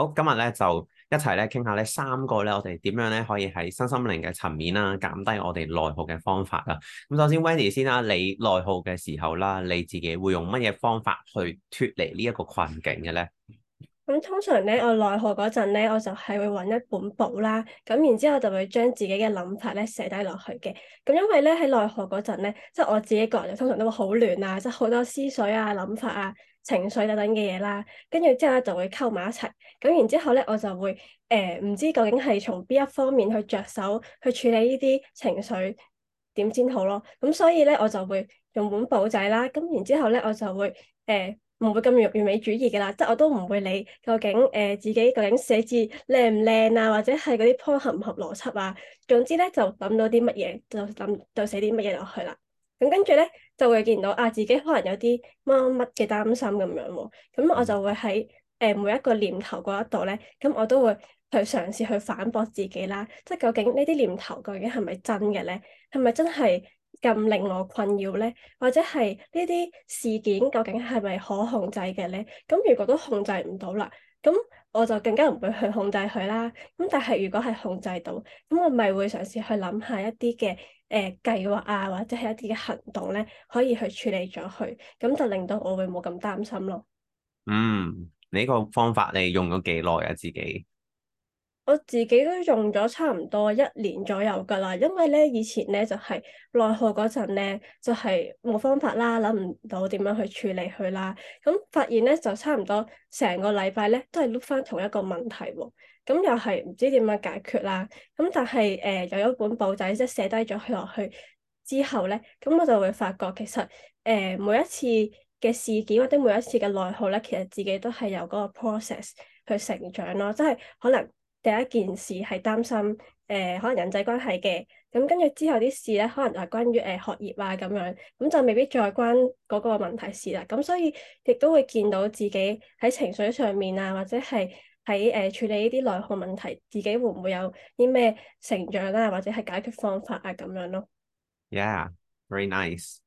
好，今日咧就一齊咧傾下呢三個咧，我哋點樣咧可以喺身心靈嘅層面啦減低我哋內耗嘅方法啊。咁首先，Wendy 先啦，你內耗嘅時候啦，你自己會用乜嘢方法去脫離呢一個困境嘅咧？咁通常咧，我內何嗰陣咧，我就係會揾一本簿啦。咁然之後就會將自己嘅諗法咧寫低落去嘅。咁因為咧喺內何嗰陣咧，即係、就是、我自己覺人通常都會好亂、就是、啊，即係好多思緒啊、諗法啊、情緒等等嘅嘢啦。跟住之後咧就會溝埋一齊。咁然之後咧我就會誒唔、呃、知究竟係從邊一方面去着手去處理緒呢啲情緒點先好咯。咁所以咧我就會用本簿仔啦。咁然之後咧我就會誒。呃唔會咁完美主義嘅啦，即係我都唔會理究竟誒、呃、自己究竟寫字靚唔靚啊，或者係嗰啲鋪合唔合邏輯啊。總之咧，就諗到啲乜嘢就諗就寫啲乜嘢落去啦。咁跟住咧就會見到啊，自己可能有啲乜乜嘅擔心咁樣喎、啊。咁我就會喺誒每一個念頭嗰一度咧，咁我都會去嘗試去反駁自己啦。即係究竟呢啲念頭究竟係咪真嘅咧？係咪真係？咁令我困擾咧，或者係呢啲事件究竟係咪可控制嘅咧？咁如果都控制唔到啦，咁我就更加唔會去控制佢啦。咁但係如果係控制到，咁我咪會嘗試去諗下一啲嘅誒計劃啊，或者係一啲嘅行動咧，可以去處理咗佢，咁就令到我會冇咁擔心咯。嗯，你呢個方法你用咗幾耐啊？自己？我自己都用咗差唔多一年左右噶啦，因為咧以前咧就係、是、內耗嗰陣咧就係、是、冇方法啦，諗唔到點樣去處理佢啦，咁發現咧就差唔多成個禮拜咧都係碌翻同一個問題喎，咁又係唔知點樣解決啦，咁但係誒、呃、有一本簿仔即係寫低咗佢落去，去之後咧，咁我就會發覺其實誒、呃、每一次嘅事件或者每一次嘅內耗咧，其實自己都係由嗰個 process 去成長咯，即係可能。第一件事係擔心誒、呃，可能人際關係嘅咁，跟住之後啲事咧，可能係關於誒、呃、學業啊咁樣，咁就未必再關嗰個問題事啦。咁所以亦都會見到自己喺情緒上面啊，或者係喺誒處理呢啲內耗問題，自己會唔會有啲咩成長啦、啊，或者係解決方法啊咁樣咯。Yeah, very nice。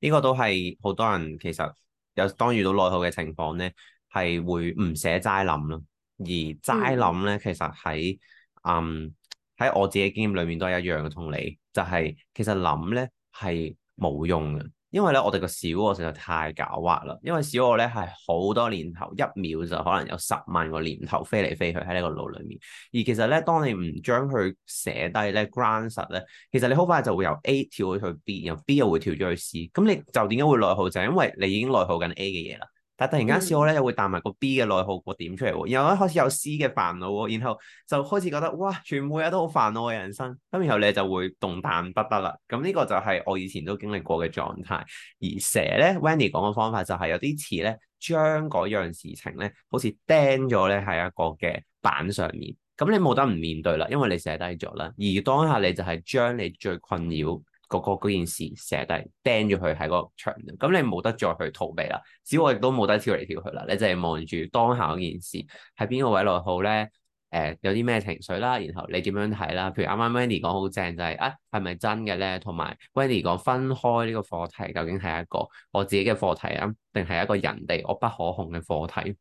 呢個都係好多人其實有當遇到內耗嘅情況咧，係會唔捨齋諗咯。而齋諗咧，其實喺嗯喺我自己經驗裏面都係一樣嘅，同你就係、是、其實諗咧係冇用嘅，因為咧我哋個小我實在太狡猾啦。因為小我咧係好多念頭，一秒就可能有十萬個念頭飛嚟飛去喺呢個腦裏面。而其實咧，當你唔將佢寫低咧、grounding 咧，其實你好快就會由 A 跳咗去 B，然後 B 又會跳咗去 C。咁你就點解會內耗？就係因為你已經內耗緊 A 嘅嘢啦。但突然間小我咧又會彈埋個 B 嘅內耗個點出嚟喎，然後一開始有 C 嘅煩惱喎，然後就開始覺得哇，全部嘢都好煩惱嘅人生，咁然後你就會動彈不得啦。咁、這、呢個就係我以前都經歷過嘅狀態。而蛇咧，Wendy 講嘅方法就係有啲似咧，將嗰樣事情咧，好似釘咗咧喺一個嘅板上面。咁你冇得唔面對啦，因為你寫低咗啦。而當下你就係將你最困擾。個個嗰件事成日都係釘住佢喺個場度，咁你冇得再去逃避啦。小我亦都冇得跳嚟跳去啦。你就係望住當下嗰件事喺邊個位內耗咧？誒、呃，有啲咩情緒啦，然後你點樣睇啦？譬如啱啱 Wendy 講好正就係、是、啊，係咪真嘅咧？同埋 Wendy 講分開呢個課題，究竟係一個我自己嘅課題啊，定係一個人哋我不可控嘅課題？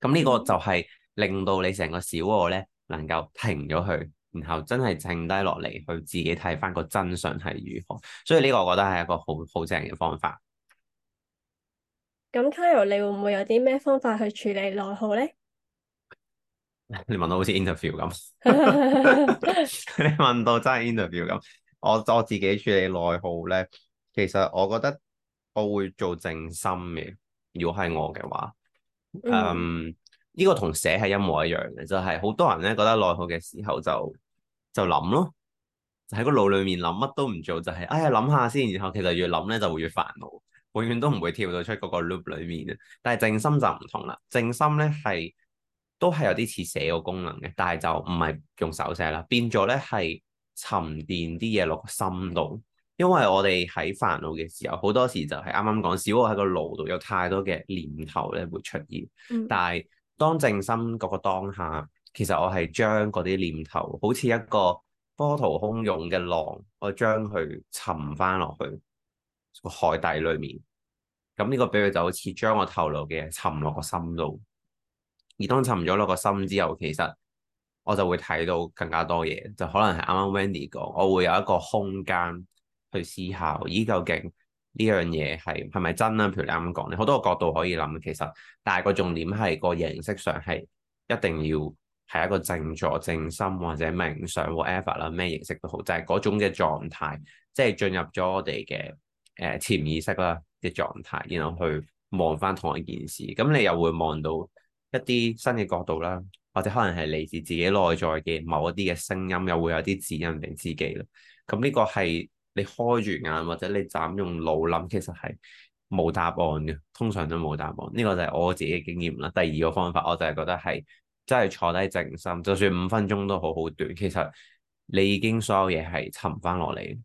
咁呢個就係令到你成個小我咧能夠停咗佢。然後真係靜低落嚟，去自己睇翻個真相係如何，所以呢個我覺得係一個好好正嘅方法。咁 Kyro，你會唔會有啲咩方法去處理內耗咧？你問到好似 interview 咁， 你問到真係 interview 咁。我我自己處理內耗咧，其實我覺得我會做靜心嘅。如果係我嘅話，um，嗯。呢個同寫係一模一樣嘅，就係、是、好多人咧覺得內耗嘅時候就就諗咯，喺個腦裏面諗乜都唔做，就係、是、哎呀諗下先，然後其實越諗咧就會越煩惱，永遠都唔會跳到出嗰個 loop 裏面啊。但係靜心就唔同啦，靜心咧係都係有啲似寫個功能嘅，但係就唔係用手寫啦，變咗咧係沉澱啲嘢落個心度，因為我哋喺煩惱嘅時候好多時就係啱啱講，小、嗯、我喺個腦度有太多嘅念頭咧會出現，嗯、但係。當靜心嗰個當下，其實我係將嗰啲念頭好似一個波濤洶湧嘅浪，我將佢沉翻落去個海底裡面。咁呢個比喻就好似將我頭腦嘅嘢沉落個心度。而當沉咗落個心之後，其實我就會睇到更加多嘢，就可能係啱啱 Wendy 講，我會有一個空間去思考咦，究竟……呢樣嘢係係咪真咧？譬如你啱啱講，你好多個角度可以諗。其實，但係個重點係個形式上係一定要係一個靜坐、靜心或者冥想 whatever 啦，咩形式都好，就係、係、嗰種嘅狀態，即、就、係、係、進入咗我哋嘅誒潛意識啦嘅狀態，然後去望翻同一件事，咁你又會望到一啲新嘅角度啦，或者可能係嚟自自己內在嘅某一啲嘅聲音，又會有啲指引俾自己啦。咁呢個係。你開住眼或者你斬用腦諗，其實係冇答案嘅，通常都冇答案。呢個就係我自己嘅經驗啦。第二個方法，我就係覺得係真係坐低靜心，就算五分鐘都好好短，其實你已經所有嘢係沉翻落嚟。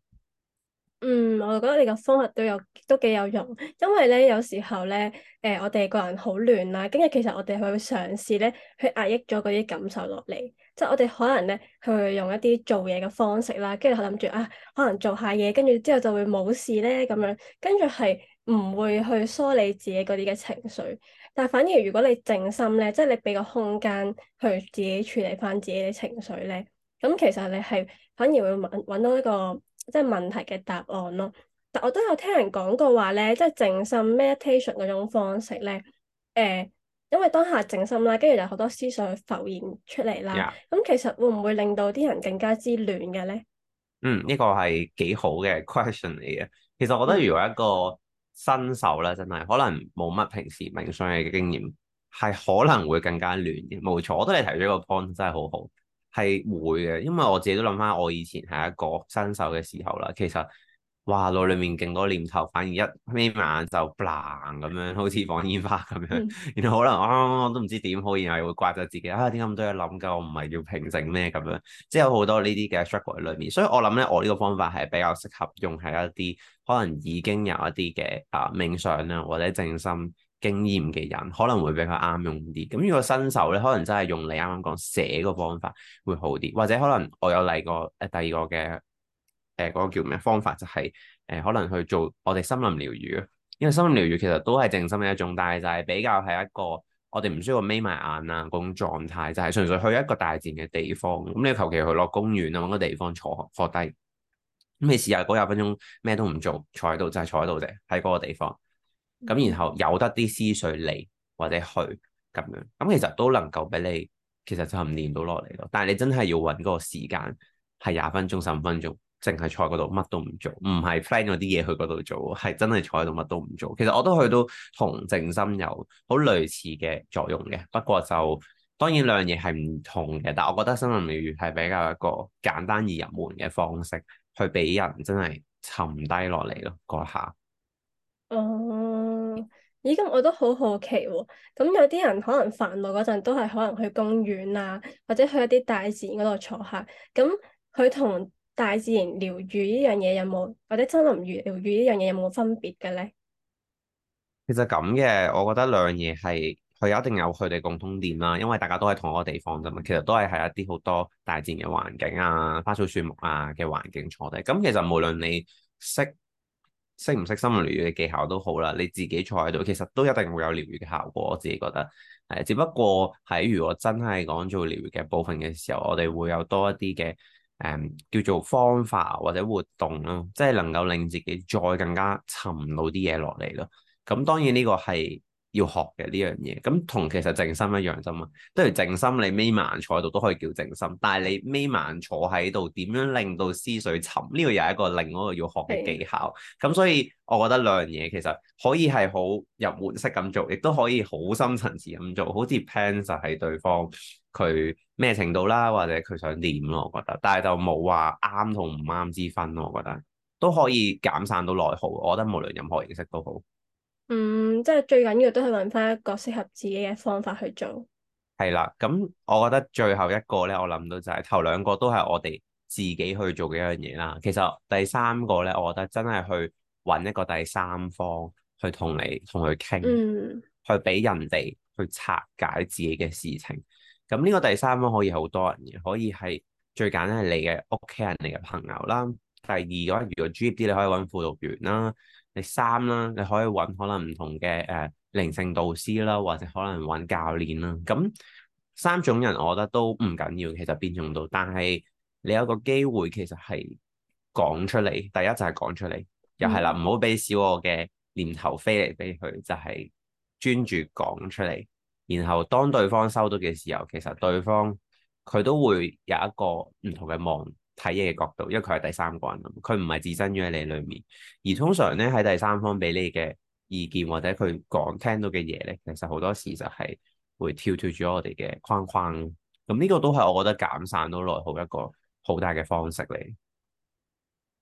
嗯，我覺得你個方法都有都幾有用，因為咧有時候咧，誒、呃、我哋個人好亂啦，跟住其實我哋去嘗試咧去壓抑咗嗰啲感受落嚟，即係我哋可能咧去用一啲做嘢嘅方式啦，跟住諗住啊，可能做下嘢，跟住之後就會冇事咧咁樣，跟住係唔會去梳理自己嗰啲嘅情緒，但係反而如果你靜心咧，即係你俾個空間去自己處理翻自己嘅情緒咧，咁其實你係反而會揾揾到一個。即係問題嘅答案咯，但我都有聽人講過話咧，即係靜心 meditation 嗰種方式咧，誒、呃，因為當下靜心啦，跟住就好多思想去浮現出嚟啦，咁 Yeah.、嗯、其實會唔會令到啲人更加之亂嘅咧？嗯，呢個係幾好嘅 question 嚟嘅。其實我覺得如果一個新手咧，真係可能冇乜平時冥想嘅經驗，係可能會更加亂嘅。冇錯，我都係提出一個 point，真係好好。係會嘅，因為我自己都諗翻我以前係一個新手嘅時候啦，其實哇腦裏面勁多念頭，反而一眯埋眼就 bang 咁樣，好似放煙花咁樣，然後可能啊我都唔知點好，然後會刮咗自己啊，點解咁多嘢諗噶？我唔係要平靜咩咁樣，即係好多呢啲嘅 shock 喺裏面，所以我諗咧，我呢個方法係比較適合用喺一啲可能已經有一啲嘅啊冥想啦，或者靜心。經驗嘅人可能會比較啱用啲。咁如果新手咧，可能真係用你啱啱講寫個方法會好啲，或者可能我有嚟過誒第二個嘅誒嗰個叫咩方法，就是，就係誒可能去做我哋森林療愈咯。因為森林療愈其實都係靜心嘅一種，但係就係比較係一個我哋唔需要眯埋眼啊嗰種狀態，就係，是，純粹去一個大自然嘅地方。咁你求其去落公園啊，搵個地方坐坐低，咁你試下嗰廿分鐘咩都唔做，坐喺度就係，是，坐喺度啫，喺嗰個地方。咁然後有得啲思緒嚟或者去咁樣，咁其實都能夠俾你其實就唔練到落嚟咯。但係你真係要揾個時間係廿分鐘、十五分鐘，淨係坐嗰度乜都唔做，唔係 plan 咗啲嘢去嗰度做，係真係坐喺度乜都唔做。其實我都去到同靜心有好類似嘅作用嘅，不過就當然兩樣嘢係唔同嘅。但係我覺得森林療癒係比較一個簡單而入門嘅方式，去俾人真係沉低落嚟咯嗰下。嗯咦咁我都好好奇喎，啊，咁有啲人可能煩惱嗰陣都係可能去公園啊，或者去一啲大自然嗰度坐下。咁佢同大自然療癒呢樣嘢有冇，或者森林療癒呢樣嘢有冇分別嘅咧？其實咁嘅，我覺得兩樣嘢係佢一定有佢哋共通點啦，因為大家都喺同一個地方啫嘛。其實都係係一啲好多大自然嘅環境啊、花草樹木啊嘅環境坐低。咁其實無論你識識唔識心靈療愈嘅技巧都好啦，你自己坐喺度，其實都一定會有療愈嘅效果。我自己覺得，係只不過喺如果真係講做療愈嘅部分嘅時候，我哋會有多一啲嘅，誒、嗯、叫做方法或者活動咯，即係能夠令自己再更加沉到啲嘢落嚟。咯咁當然呢個係。要學嘅呢樣嘢，咁同其實靜心一樣啫嘛。即係靜心你眯眼坐喺度都可以叫靜心，但係你眯眼坐喺度，點樣令到思緒沉？呢、這個又係一個另外一個要學嘅技巧。咁的所以我覺得兩樣嘢其實可以係好入門式咁做，亦都可以好深層次咁做。好似 plan 就係對方佢咩程度啦，或者佢想點咯，我覺得。但係就冇話啱同唔啱之分咯，我覺得都可以減散到內耗。我覺得無論任何形式都好。嗯，即係最緊要都係揾翻一個適合自己嘅方法去做。係啦，咁我覺得最後一個咧，我諗到就係、是、頭兩個都係我哋自己去做嘅一樣嘢啦。其實第三個咧，我覺得真係去揾一個第三方去同你同佢傾，去俾、嗯、人哋去拆解自己嘅事情。咁呢個第三方可以好多人嘅，可以係最簡單係你嘅屋企人、你嘅朋友啦。第二，我如果專業啲，你可以揾輔導員啦。你三啦、啊，你可以揾可能唔同嘅誒、呃、靈性導師啦，或者可能揾教練啦。咁三種人，我覺得都唔緊要，其實邊種到。但係你有個機會，其實係講出嚟。第一就係講出嚟，嗯、又係啦，唔好俾小我嘅念頭飛嚟飛去，就係、是、專注講出嚟。然後當對方收到嘅時候，其實對方佢都會有一個唔同嘅望，睇嘢嘅角度，因為佢係第三個人，佢唔係置身於喺你裏面，而通常咧喺第三方俾你嘅意見或者佢講聽到嘅嘢咧，其實好多時就係會跳脫咗我哋嘅框框，咁呢個都係我覺得減散到內耗一個好大嘅方式嚟。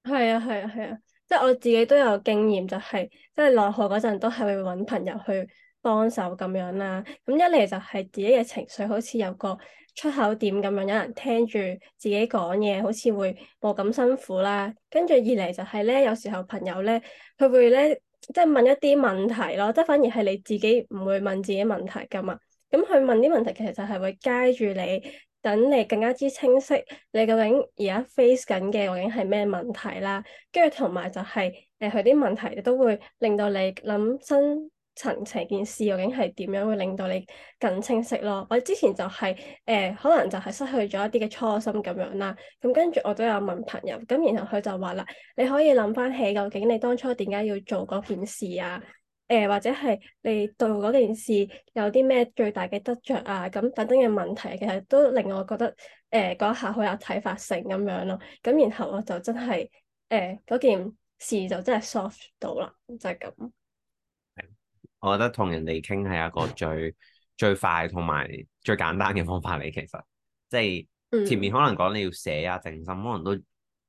係啊係啊係啊，即係我自己都有經驗，就係、是、即係內耗嗰陣都係會揾朋友去。幫手咁樣啦，咁一嚟就係自己嘅情緒好似有個出口點咁樣，有人聽住自己講嘢，好似會冇咁辛苦啦。跟住二嚟就係咧，有時候朋友咧，佢會咧即係問一啲問題咯，即係反而係你自己唔會問自己問題㗎嘛。咁佢問啲問題其實就係會 guide 住你，等你更加之清晰，你究竟而家 face 緊嘅究竟係咩問題啦。跟住同埋就係誒佢啲問題都會令到你諗新。層層件事究竟係點樣會令到你更清晰咯？我之前就係、是、誒、呃，可能就係失去咗一啲嘅初心咁樣啦。咁跟住我都有問朋友，咁然後佢就話啦，你可以諗翻起究竟你當初點解要做嗰件事啊？誒、呃，或者係你對嗰件事有啲咩最大嘅得着啊？咁等等嘅問題，其實都令我覺得誒嗰、呃、一下好有啟發性咁樣咯。咁然後我就真係誒嗰件事就真係 soft 到啦，就係、是、咁。我覺得同人哋傾係一個最最快同埋最簡單嘅方法嚟，其實即係前面可能講你要寫啊靜心，可能都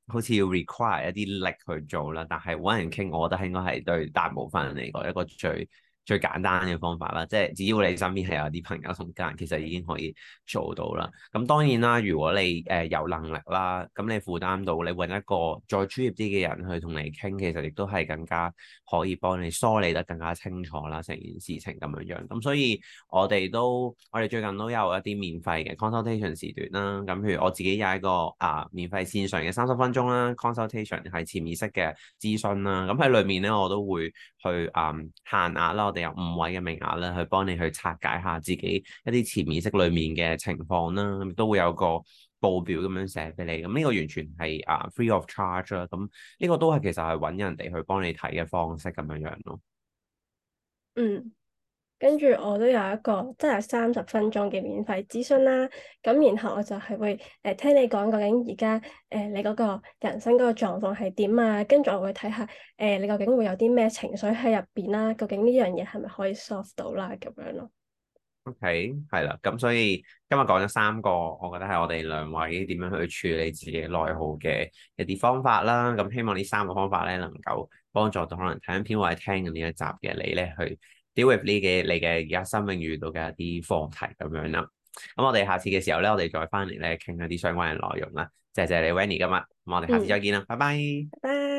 好似要 require 一啲力去做啦。但係搵人傾，我覺得應該係對大部分人嚟講一個最最簡單嘅方法啦，即係只要你身邊係有啲朋友同家人，其實已經可以做到啦。咁當然啦，如果你誒、呃、有能力啦，咁你負擔到，你揾一個再專業啲嘅人去同你傾，其實亦都係更加可以幫你梳理得更加清楚啦，成件事情咁樣樣。咁所以我哋都我哋最近都有一啲免費嘅 consultation 時段啦。咁譬如我自己有一個啊、呃、免費線上嘅三十分鐘啦 consultation 係潛意識嘅諮詢啦。咁喺裏面咧我都會去嗯、呃、限額咯。我哋有五位嘅名額啦，去幫你去拆解下自己一啲潛意識裏面嘅情況啦，咁都會有個報表咁樣寫俾你。咁呢個完全係啊 free of charge 啦，咁呢個都係其實係揾人哋去幫你睇嘅方式咁樣樣咯。嗯。跟住我都有一個，即係三十分鐘嘅免費諮詢啦。咁然後我就係會誒聽你講，究竟而家誒你嗰個人生嗰個狀況係點啊？跟住我會睇下誒、呃、你究竟會有啲咩情緒喺入邊啦。究竟呢樣嘢係咪可以 soft 到啦？咁樣咯。OK，係啦。咁所以今日講咗三個，我覺得係我哋兩位點樣去處理自己內耗嘅一啲方法啦。咁希望呢三個方法咧，能夠幫助到可能睇緊片或者聽緊呢一集嘅你咧去 deal with 呢嘅你嘅而家生命遇到嘅一啲課題咁樣啦，咁我哋下次嘅時候咧，我哋再返嚟咧傾一啲相關嘅內容啦。謝謝你，Wendy 今日，我哋下次再見啦，拜拜。